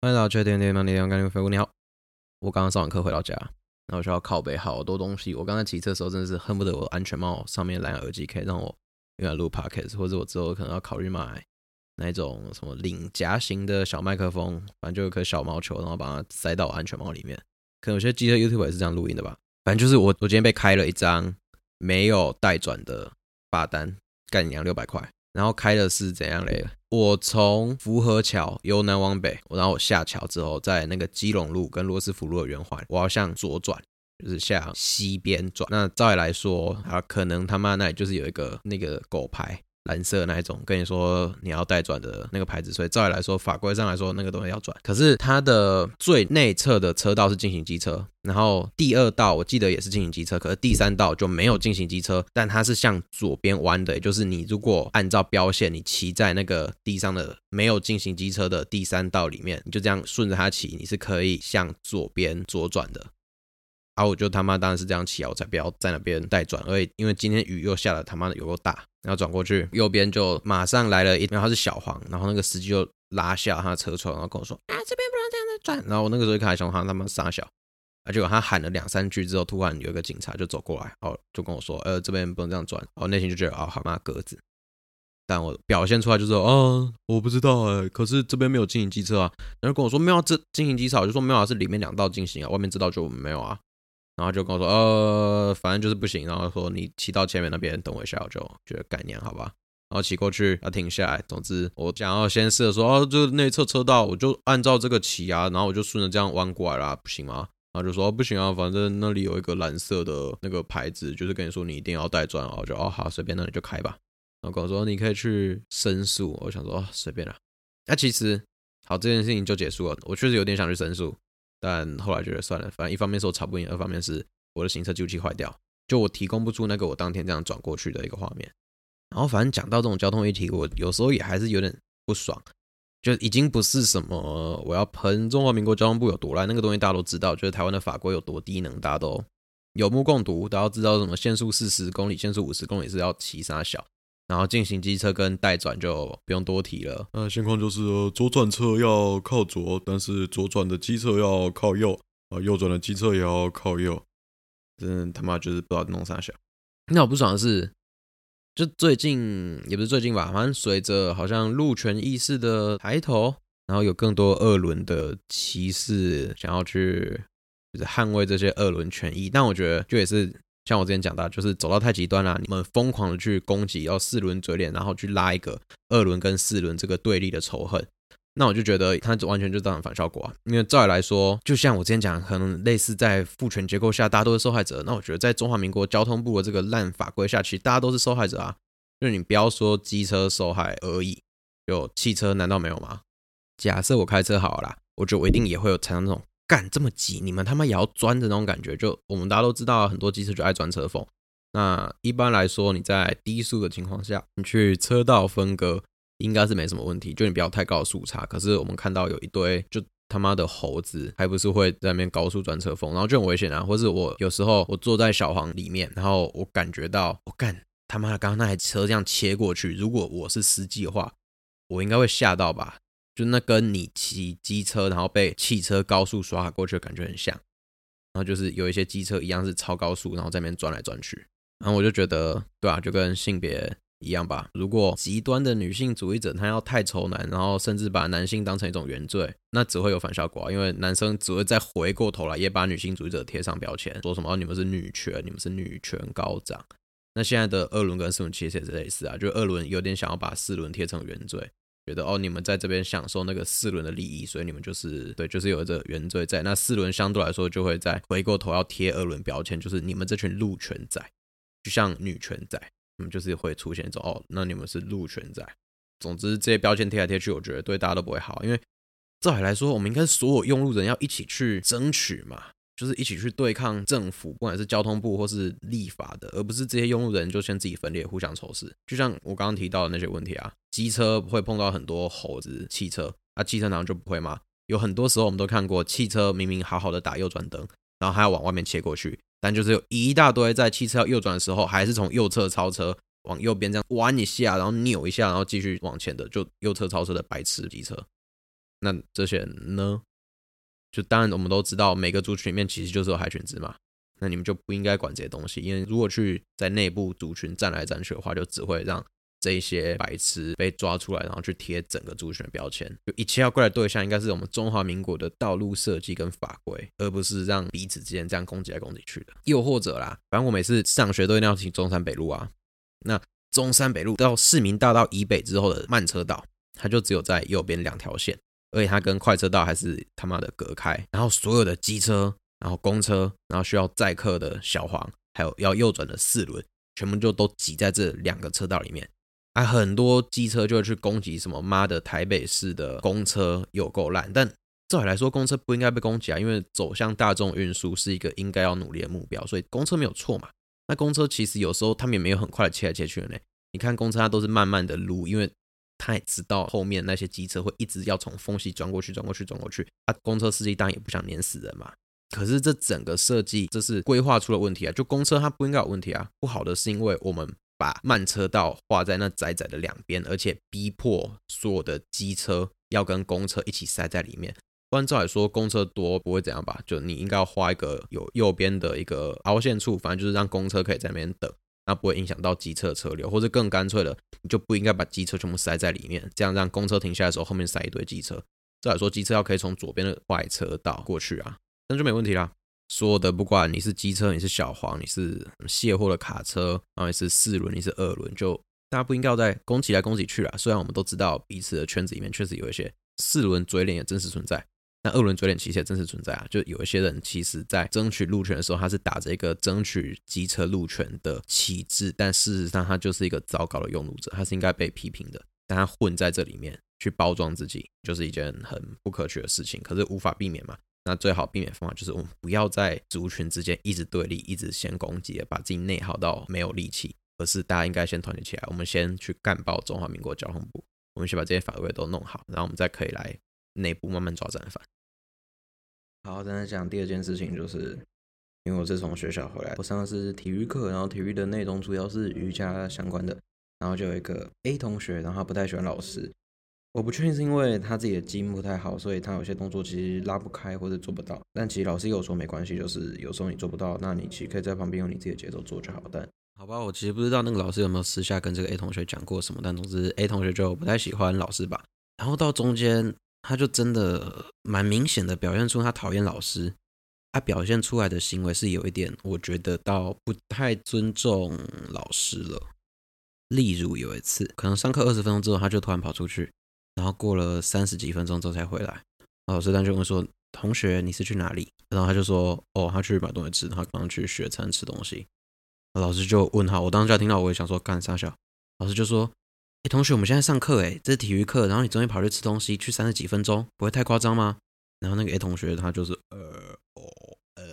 歡迎來到錘天錘天幹爹粉工廠。你好，我剛剛上完課回到家，然後需要靠北好多東西。我剛才騎車的時候，真的是恨不得我的安全帽上面藍牙耳機可以讓我用來錄 podcast，或者我之後可能要考慮買那一種什麼領夾型的小麥克風，反正就有一顆小毛球，然後把它塞到我安全帽裡面。可能有些機車 YouTuber 也是這樣錄音的吧。反正就是我，我今天被開了一張沒有待轉的罰單，幹娘六百塊。然後開的是怎樣嘞？的我從福和橋由南往北，然後我下橋之後，在那個基隆路跟羅斯福路的圓環，我要向左轉，就是向西邊轉。那照理來說啊，可能他媽那裡就是有一個那個狗牌。藍色那一種，跟你說你要待轉的那個牌子，所以照理來說，法規上來說，那個東西要轉。可是它的最內側的車道是禁行機車，然後第二道我記得也是禁行機車，可是第三道就沒有禁行機車，但它是向左邊彎的，就是你如果按照標線，你騎在那個地上的沒有禁行機車的第三道裡面，你就這樣順着它騎，你是可以向左邊左轉的。然後、啊、我就他媽當然是這樣騎啊，我才不要在那邊待轉。而且因為今天雨又下了，他媽的雨又夠大，然後轉過去右邊就馬上來了一輛，然後他是小黃，然後那個司機就拉下他的車窗，然後跟我說，啊這邊不能這樣子轉。然後我那個時候一看想，他他媽殺小，他、啊、結果，他喊了兩三句之後，突然有一個警察就走過來，哦，就跟我說，呃這邊不能這樣轉。我內心就覺得，啊他媽的鴿子，但我表現出來就是啊，我不知道啊、欸，可是這邊沒有禁行機車啊。然後跟我說沒有、啊、這禁行機車、啊，我就說沒有啊，是裡面兩道禁行啊，外面這道就沒有啊。然後就跟我說，呃，反正就是不行。然後說你騎到前面那邊等我一下，我就覺得概念好吧。然後騎過去要、啊、停下來，總之我想要先試的時候，哦，就內側車道我就按照這個騎啊，然後我就順着這樣彎過來啦，不行嗎？然後就說、哦、不行啊，反正那裡有一個藍色的那個牌子，就是跟你說你一定要待轉，然後我就哦好，隨便那你就開吧。然後跟我說你可以去申訴，我想說、哦、隨便啦。那、啊、其實好，這件事情就結束了。我確實有點想去申訴。但後來覺得算了，反正一方面是我吵不贏，二方面是我的行車記錄器壞掉，就我提供不出那個我當天這樣轉過去的一個畫面。然後反正講到這種交通議題，我有時候也還是有點不爽，就已經不是什麼我要噴中華民國交通部有多爛，那個東西大家都知道，就是台灣的法規有多低能，大家都有目共睹，大家知道什麼限速四十公里、限速五十公里是要騎沙小。然後進行機車跟待轉就不用多提了。那現況就是左轉車要靠左，但是左轉的機車要靠右，啊，右轉的機車也要靠右。真他媽就是不知道弄三小。那我不爽的是，就最近也不是最近吧，反正隨着好像路權意識的抬頭，然後有更多二輪的騎士想要去就是捍衛這些二輪權益，但我覺得就也是。像我之前講到，就是走到太極端了啊，你們瘋狂的去攻擊，要四輪嘴臉，然後去拉一個二輪跟四輪這個對立的仇恨，那我就覺得它完全就造成反效果啊。因為照理來說，就像我之前講，可能類似在父權結構下，大家都是受害者。那我覺得在中華民國交通部的這個爛法規下去，其實大家都是受害者啊。就你不要說機車受害而已，就汽車難道沒有嗎？假設我開車好了啦，我覺得我一定也會有產生這種。幹這麼急，你們他媽也要鑽的那種感覺？就我們大家都知道，很多機車就愛鑽車縫。那一般來說，你在低速的情況下，你去車道分割應該是沒什麼問題，就你不要太高的速差。可是我們看到有一堆就他媽的猴子，還不是會在那邊高速鑽車縫，然後就很危險啊。或是我有時候我坐在小黃裡面，然後我感覺到我、哦、幹他媽的剛剛那台車這樣切過去，如果我是司機的話，我應該會嚇到吧。就那跟你騎機車，然後被汽車高速刷過去的感覺很像。然後就是有一些機車一樣是超高速，然後在那邊轉來轉去。然後我就覺得，對啊，就跟性別一樣吧。如果極端的女性主義者她要太仇男，然後甚至把男性當成一種原罪，那只會有反效果。因為男生只會再回過頭來也把女性主義者貼上標籤，說什麼說你們是女權，你們是女權高漲。那現在的二輪跟四輪其實也是類似啊，就二輪有點想要把四輪貼成原罪。覺得哦，你們在這邊享受那個四輪的利益，所以你們就是對，就是有一個原罪在。那四輪相對來說就會在回過頭要貼二輪標籤，就是你們這群路權仔，就像女權仔，你們就是會出現一種哦，那你們是路權仔。總之這些標籤貼來貼去，我覺得對大家都不會好，因為照理來說，我們應該所有用路人要一起去爭取嘛，就是一起去對抗政府，不管是交通部或是立法的，而不是這些用路人就先自己分裂，互相仇視。就像我剛剛提到的那些問題啊。機車會碰到很多猴子，汽車啊，汽車難道就不會嗎？有很多時候我們都看過，汽車明明好好的打右轉燈，然後還要往外面切過去，但就是有一大堆在汽車要右轉的時候，還是從右側超車，往右邊這樣彎一下，然後扭一下，然後繼續往前的，就右側超車的白痴機車。那這些人呢？就當然我們都知道，每個族群裡面其實就是有害群之馬嘛。那你們就不應該管這些東西，因為如果去在內部族群戰來戰去的話，就只會讓。這一些白痴被抓出來，然後去貼整個族群的標籤，就一切要怪的對象應該是我們中華民國的道路設計跟法規，而不是讓彼此之間這樣攻擊來攻擊去的。又或者啦，反正我每次上學都一定要騎中山北路啊。那中山北路到市民大道以北之後的慢車道，它就只有在右邊兩條線，而且它跟快車道還是他媽的隔開。然後所有的機車、然後公車、然後需要載客的小黃，還有要右轉的四輪，全部就都擠在這兩個車道裡面。啊，很多機車就會去攻擊什麼媽的！台北市的公車有夠爛，但照理來說，公車不應該被攻擊啊，因為走向大眾運輸是一個應該要努力的目標，所以公車沒有錯嘛。那公車其實有時候他們也沒有很快的切來切去的呢。你看公車它都是慢慢的擼，因為他也知道後面那些機車會一直要從縫隙鑽過去、鑽過去、鑽過去。啊，公車司機當然也不想碾死人嘛。可是這整個設計，這是規劃出了問題啊！就公車它不應該有問題啊，不好的是因為我們。把慢車道畫在那窄窄的兩邊，而且逼迫所有的機車要跟公車一起塞在裡面。不然照理說公車多不會怎樣吧？就你應該要畫一個有右邊的一個凹陷處，反正就是讓公車可以在那邊等，那不會影響到機車的車流。或者更乾脆的，你就不應該把機車全部塞在裡面，這樣讓公車停下來的時候後面塞一堆機車。照理說機車要可以從左邊的快車道過去啊，那就沒問題啦。說的不管你是機車，你是小黃，你是卸貨的卡車，然後你是四輪，你是二輪，就大家不應該要再攻擊來攻擊去啦。雖然我們都知道彼此的圈子裡面確實有一些四輪嘴臉也真實存在，那二輪嘴臉其實也真實存在啊。就有一些人其實在爭取路權的時候，他是打着一個爭取機車路權的旗幟，但事實上他就是一個糟糕的用路者，他是應該被批評的。但他混在這裡面去包裝自己，就是一件很不可取的事情。可是無法避免嘛。那最好避免的方法就是我們不要在族群之間一直對立，一直先攻擊，把自己內耗到沒有力氣，而是大家應該先團結起來，我們先去幹爆中華民國交通部，我們先把這些法規都弄好，然後我們再可以來內部慢慢抓戰犯。好，再來講第二件事情，就是因為我是從學校回來，我上的是體育課，然後體育的內容主要是瑜伽相關的，然後就有一個 A 同學，然後他不太喜歡老師。我不確定是因為他自己的基因不太好，所以他有些動作其實拉不開或者做不到。但其實老師有說沒關係，就是有時候你做不到，那你其實可以在旁邊用你自己的節奏做就好。但好吧，我其實不知道那個老師有沒有私下跟這個 A 同學講過什麼，但總之 A 同學就不太喜歡老師吧。然後到中間，他就真的蠻明顯的表現出他討厭老師。他表現出來的行為是有一點，我覺得倒不太尊重老師了。例如有一次，可能上課二十分鐘之後，他就突然跑出去。然後過了三十幾分鐘之後才回來，老師當時就問說：“同學，你是去哪裡？”然後他就說：“哦，他去買東西吃，他剛剛去學餐吃東西。”老師就問他：“我當時就還聽到，我也想說，幹啥小。老師就說：“哎、欸，同學，我們現在上課，哎，這是體育課，然後你終於跑去吃東西，去三十幾分鐘，不會太誇張嗎？”然後那個 A 同學他就是呃哦呃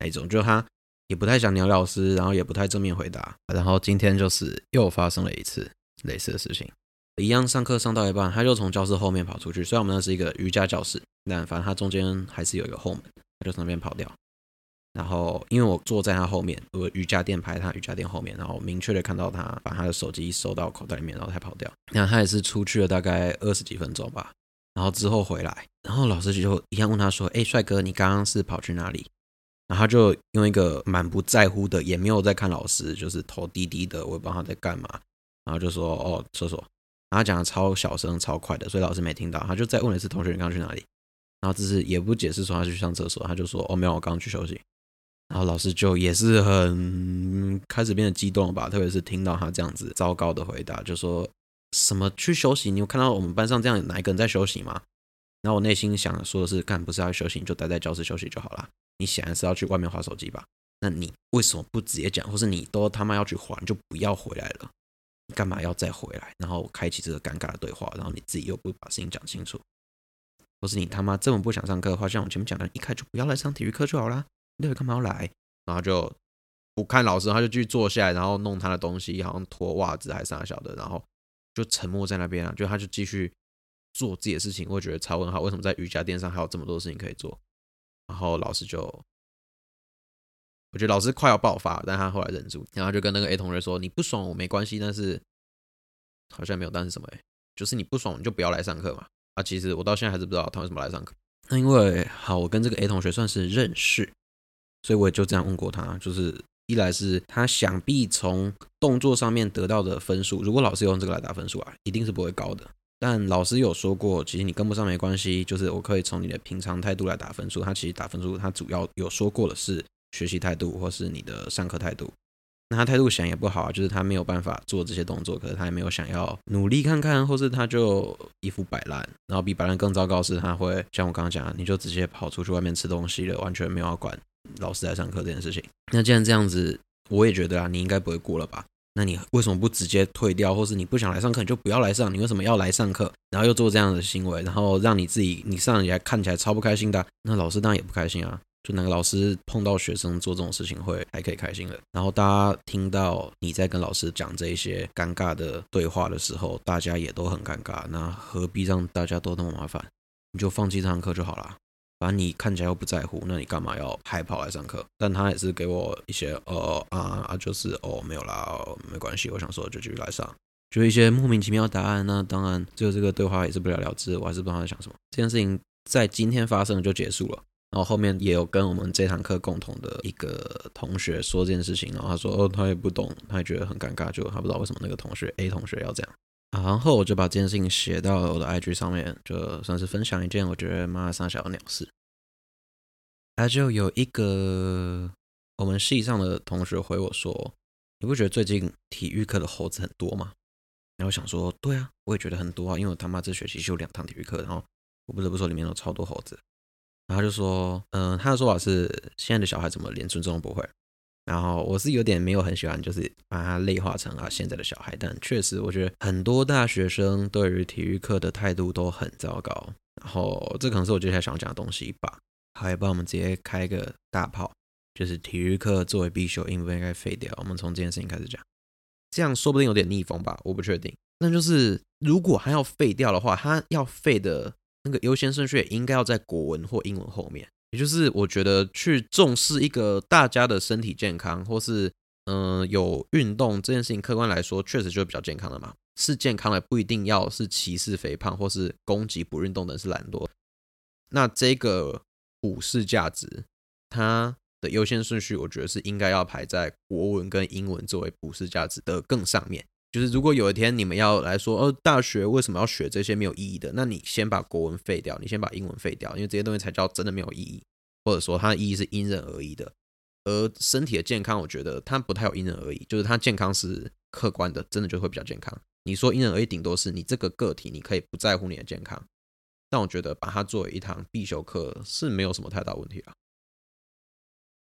那種，就他也不太想鳥老師，然後也不太正面回答。然後今天就是又發生了一次類似的事情。一樣上課上到一半，他就從教室後面跑出去。雖然我們那是一個瑜伽教室，但反正他中間還是有一個後門，他就從那邊跑掉。然後因為我坐在他後面，我瑜伽墊排他瑜伽墊後面，然後我明確的看到他把他的手機收到口袋裡面，然後他跑掉。那他也是出去了大概二十幾分鐘吧，然後之後回來，然後老師就一樣問他說：“哎、欸，帥哥，你剛剛是跑去哪裡？”然後他就用一個蠻不在乎的，也沒有在看老師，就是頭低低的，我也不知道他在幹嘛。然後就說：“哦，廁所。”然後他講的超小聲、超快的，所以老師沒聽到。他就再問了一次同學：“你剛剛去哪裡？”然後這次也不解釋說他去上廁所，他就說：“哦，沒有，我剛剛去休息。”然後老師就也是很開始變得激動了吧，特別是聽到他這樣子糟糕的回答，就說什麼“去休息”，你有看到我們班上這樣有哪一個人在休息嗎？然後我內心想說的是：“幹不是要休息，你就待在教室休息就好啦。你顯然是要去外面滑手機吧？那你為什麼不直接講？或是你都他媽要去滑，你就不要回來了。”你幹嘛要再回來？然後開啟這個尷尬的對話，然後你自己又不把事情講清楚，要是你他媽這麼不想上課的話，像我前面講的，一開就不要來上體育課就好啦。那你幹嘛要來？然後就不看老師，他就繼續坐下來，然後弄他的東西，好像脫襪子還是啥小的，然後就沉默在那邊啊，就他就繼續做自己的事情，我覺得超問號。為什麼在瑜伽墊上還有這麼多事情可以做？然後老師就。我覺得老師快要爆發，但他後來忍住，然後就跟那個 A 同學說：“你不爽我沒關係，但是好像沒有，但是什麼？欸，就是你不爽你就不要來上課嘛。”啊，其實我到現在還是不知道他為什麼來上課。那因為好，我跟這個 A 同學算是認識，所以我也就這樣問過他，就是一來是他想必從動作上面得到的分數，如果老師用這個來打分數啊，一定是不會高的。但老師有說過，其實你跟不上沒關係，就是我可以從你的平常態度來打分數。他其實打分數，他主要有說過的是學習態度或是你的上課態度，那他態度顯然也不好啊，就是他沒有辦法做這些動作，可是他也沒有想要努力看看，或是他就一副擺爛，然後比擺爛更糟糕的是他會像我剛剛講，你就直接跑出去外面吃東西了，完全沒有要管老師來上課這件事情。那既然這樣子，我也覺得啊，你應該不會過了吧？那你為什麼不直接退掉，或是你不想來上課，你就不要來上？你為什麼要來上課，然後又做這樣的行為，然後讓你自己，你上起來看起來超不開心的啊，那老師當然也不開心啊。就那個老師碰到學生做這種事情，會還可以開心的。然後大家聽到你在跟老師講這一些尷尬的對話的時候，大家也都很尷尬。那何必讓大家都那麼麻煩？你就放棄這堂課就好啦。反正你看起來又不在乎，那你幹嘛要還跑來上課？但他也是給我一些呃啊啊，就是哦沒有啦、哦，沒關係，我想說就繼續來上，就一些莫名其妙的答案。那當然，最後這個對話也是不了了之。我還是不知道他在想什麼。這件事情在今天發生就結束了。然後後面也有跟我們這堂課共同的一個同學說這件事情，然後他說，哦，他也不懂，他也覺得很尷尬，就他不知道為什麼那個同學 A 同學要這樣。然後我就把這件事情寫到了我的 IG 上面，就算是分享一件我覺得媽的三小的鳥事。還就有一個我們系上的同學回我說，你不覺得最近體育課的猴子很多嗎？然後我想說，對啊，我也覺得很多啊，因為我他媽這學期就兩堂體育課，然後我不得不說裡面有超多猴子。然後他就說，嗯、呃，他的說法是現在的小孩怎麼連尊重都不會？然後我是有點沒有很喜歡，就是把他類化成啊現在的小孩，但確實我覺得很多大學生對於體育課的態度都很糟糕。然後這個、可能是我接下來想講的東西吧。好，也幫我們直接開個大炮，就是體育課作為必修，應不應該廢掉？我們從這件事情開始講，這樣說不定有點逆風吧，我不確定。那就是如果還要廢掉的話，他要廢的。那個優先順序也應該要在國文或英文後面，也就是我覺得去重視一個大家的身體健康，或是嗯、呃、有運動這件事情，客觀來說確實就比較健康了嘛。是健康的不一定要是歧視肥胖或是攻擊不運動的人是懶惰。那這個普世價值，它的優先順序，我覺得是應該要排在國文跟英文作為普世價值的更上面。就是如果有一天你們要來說，呃、哦，大學為什麼要學這些沒有意義的？那你先把國文廢掉，你先把英文廢掉，因為這些東西才叫真的沒有意義，或者說它的意義是因人而異的。而身體的健康，我覺得它不太有因人而異，就是它健康是客觀的，真的就會比較健康。你說因人而異，頂多是你這個個體，你可以不在乎你的健康，但我覺得把它作為一堂必修課是沒有什麼太大問題了、啊。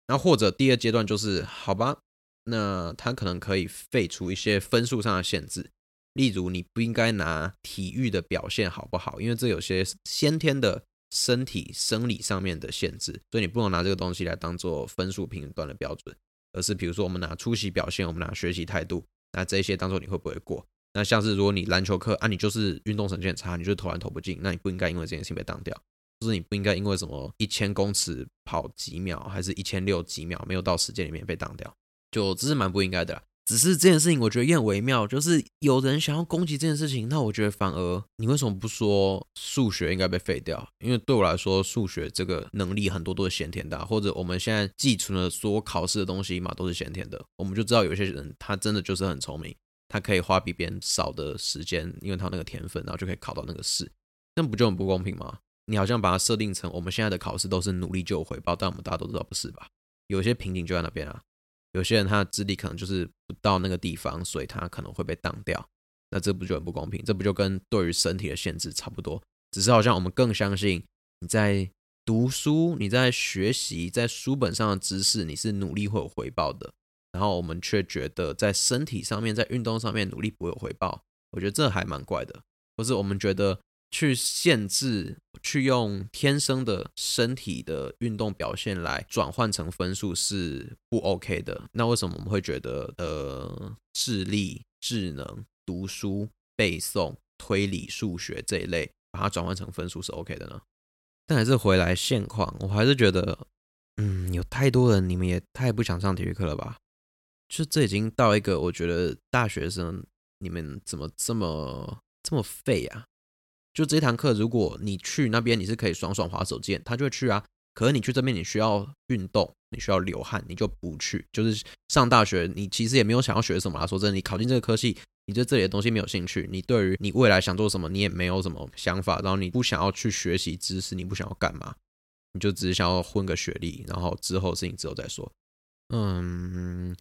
那或者第二階段就是好吧。那他可能可以廢除一些分數上的限制，例如你不應該拿體育的表現好不好，因為這有些先天的身體生理上面的限制，所以你不能拿這個東西來當做分數評斷的標準，而是比如說我們拿出席表現，我們拿學習態度，那這些當做你會不會過。那像是如果你籃球課啊，你就是運動神經很差，你就是投籃投不進，那你不應該因為這件事情被當掉，就是你不應該因為什麼一千公尺跑幾秒，還是一千六幾秒沒有到時間裡面被當掉。就這是蠻不應該的啦，只是這件事情我覺得也很微妙。就是有人想要攻擊這件事情，那我覺得反而你為什麼不說數學應該被廢掉？因為對我來說，數學這個能力很多都是先天的、啊，或者我們現在既存了說考試的東西嘛，都是先天的。我們就知道有些人他真的就是很聰明，他可以花比別人少的時間，因為他那個天分，然後就可以考到那個試，那不就很不公平嗎？你好像把它設定成我們現在的考試都是努力就有回報，但我們大家都知道不是吧？有些瓶頸就在那邊啊。有些人他的智力可能就是不到那個地方，所以他可能會被擋掉。那這不就很不公平？這不就跟對於身體的限制差不多？只是好像我們更相信你在讀書、你在學習，在書本上的知識，你是努力會有回報的。然後我們卻覺得在身體上面、在運動上面，努力不會有回報。我覺得這還蠻怪的，或是我們覺得。去限制、去用天生的身體的運動表現來轉換成分數是不 OK 的。那為什麼我們會覺得呃，智力、智能、讀書、背誦、推理、數學這一類，把它轉換成分數是 OK 的呢？但還是回來現況，我還是覺得，嗯，有太多人，你們也太不想上體育課了吧？就這已經到一個，我覺得大學生，你們怎麼這麼這麼廢啊？就這一堂課，如果你去那邊，你是可以爽爽滑手機，他就會去啊。可是你去這邊，你需要運動，你需要流汗，你就不去。就是上大學，你其實也沒有想要學什麼。說真的，你考進這個科系，你對這裡的東西沒有興趣，你對於你未來想做什麼，你也沒有什麼想法。然後你不想要去學習知識，你不想要幹嘛，你就只是想要混個學歷，然後之後事情之後再說。嗯。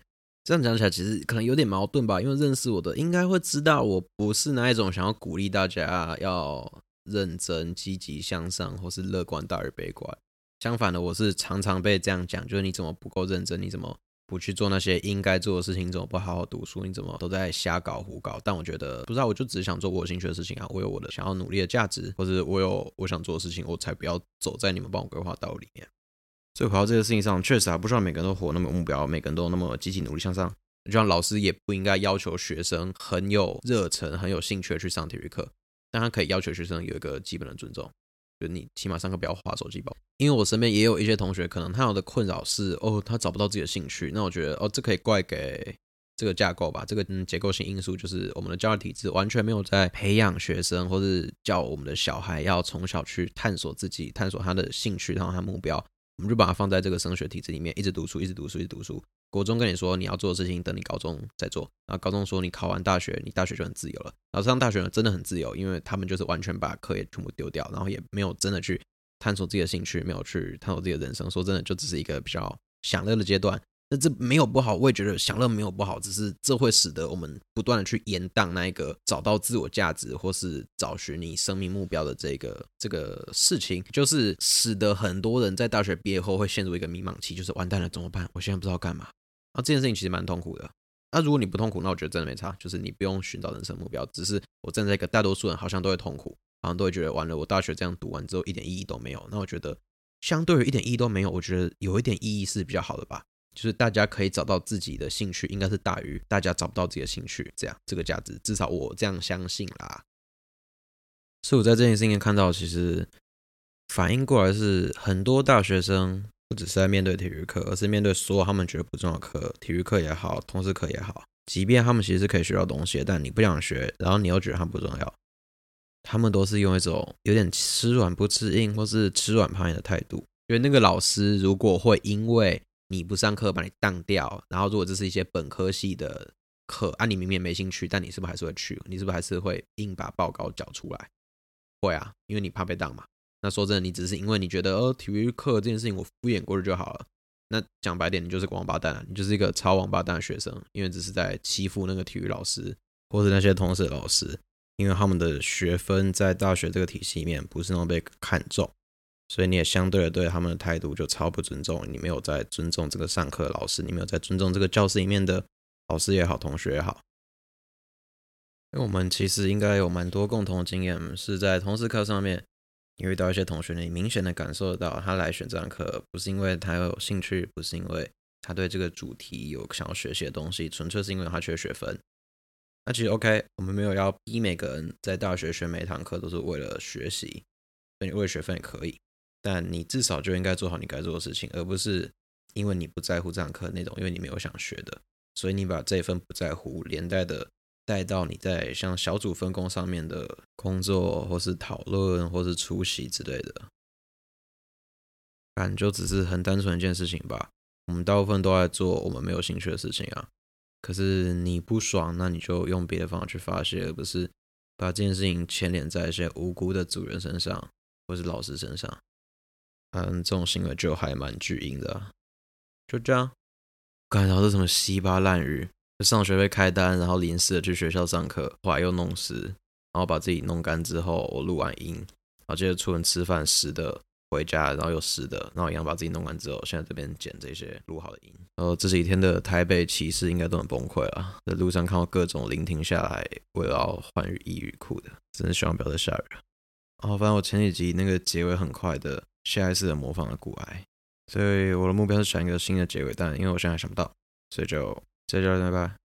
這樣講起來，其實可能有點矛盾吧。因為認識我的，應該會知道我不是那一種想要鼓勵大家要認真、積極向上，或是樂觀大於悲觀。相反的，我是常常被這樣講，就是你怎麼不夠認真？你怎麼不去做那些應該做的事情？你怎麼不好好讀書？你怎麼都在瞎搞胡搞？但我覺得，不知道、啊、我就只想做我興趣的事情啊。我有我的想要努力的價值，或是我有我想做的事情，我才不要走在你們幫我規劃道路裡面。所以回到這個事情上，確實啊，不需要每個人都活那麼有目標，每個人都那麼積極努力向上。就像老師也不應該要求學生很有熱忱、很有興趣的去上體育課，但他可以要求學生有一個基本的尊重，就你起碼上課不要滑手機吧。因為我身邊也有一些同學，可能他有的困擾是哦，他找不到自己的興趣。那我覺得哦，這可以怪給這個架構吧，這個嗯結構性因素就是我們的教育體制完全沒有在培養學生，或是教我們的小孩要從小去探索自己、探索他的興趣，然後他的目標。我們就把它放在這個升學體制裡面，一直讀書，一直讀書，一直讀書。國中跟你說你要做的事情，等你高中再做。然後高中說你考完大學，你大學就很自由了。然後上大學呢，真的很自由，因為他們就是完全把課業全部丟掉，然後也沒有真的去探索自己的興趣，沒有去探索自己的人生。說真的，就只是一個比較享樂的階段。這沒有不好，我也覺得享樂沒有不好，只是這會使得我們不斷的去延宕那一個找到自我價值或是找尋你生命目標的這個這個事情，就是使得很多人在大學畢業後會陷入一個迷茫期，就是完蛋了怎麼辦？我現在不知道幹嘛。那、啊、這件事情其實蠻痛苦的。那、啊、如果你不痛苦，那我覺得真的沒差，就是你不用尋找人生的目標。只是我站在一個大多數人好像都會痛苦，好像都會覺得完了，我大學這樣讀完之後一點意義都沒有。那我覺得相對於一點意義都沒有，我覺得有一點意義是比較好的吧。就是大家可以找到自己的興趣，應該是大於大家找不到自己的興趣，這樣這個價值至少我這樣相信啦。所以我在這件事情看到，其實反應過來是很多大學生不只是在面對體育課，而是面對所有他們覺得不重要的課，體育課也好，通識課也好，即便他們其實是可以學到東西，但你不想學，然後你又覺得它不重要，他們都是用一種有點吃軟不吃硬，或是吃軟怕硬的態度。因為那個老師如果會因為你不上課把你當掉，然後如果這是一些本科系的課，啊，你明明沒興趣，但你是不是還是會去？你是不是還是會硬把報告交出來？會啊，因為你怕被當嘛。那說真的，你只是因為你覺得，哦，體育課這件事情我敷衍過去就好了。那講白點，你就是個王八蛋，你就是一個超王八蛋的學生，因為只是在欺負那個體育老師或者那些同事的老師，因為他們的學分在大學這個體系裡面不是那麼被看重。所以你也相對的對他們的態度就超不尊重，你沒有在尊重這個上課的老師，你沒有在尊重這個教室裡面的老師也好，同學也好。我們其實應該有蠻多共同的經驗，是在通識課上面，你遇到一些同學，你明顯的感受得到他來選這堂課，不是因為他有興趣，不是因為他對這個主題有想要學習的東西，純粹是因為他缺學分。那其實 OK，我們沒有要逼每個人在大學學每一堂課都是為了學習，那你為了學分也可以。但你至少就應該做好你該做的事情，而不是因為你不在乎這堂課那種，因為你沒有想學的，所以你把這份不在乎連帶的帶到你在像小組分工上面的工作，或是討論，或是出席之類的。感覺就只是很單純一件事情吧，我們大部分都在做我們沒有興趣的事情啊。可是你不爽，那你就用別的方法去發洩，而不是把這件事情牽連在一些無辜的主人身上，或是老師身上。嗯，但這種行為就還蠻巨嬰的、啊，就這樣。感覺到這什麼稀巴爛雨，上學會被開單，然後淋濕的去學校上課，後來又弄濕，然後把自己弄乾之後，我錄完音，然後接着出門吃飯，濕的回家，然後又濕的，然後一樣把自己弄乾之後，現在，在這邊剪這些錄好的音。然後這幾天的台北騎士應該都很崩潰了，在路上看到各種聆聽下來，為了換雨衣雨褲的，真的希望不要再下雨了。哦，反正我前幾集那個結尾很快的，下一次的模仿了骨癌，所以我的目標是選一個新的結尾，但因為我現在還想不到，所以就再見了拜拜。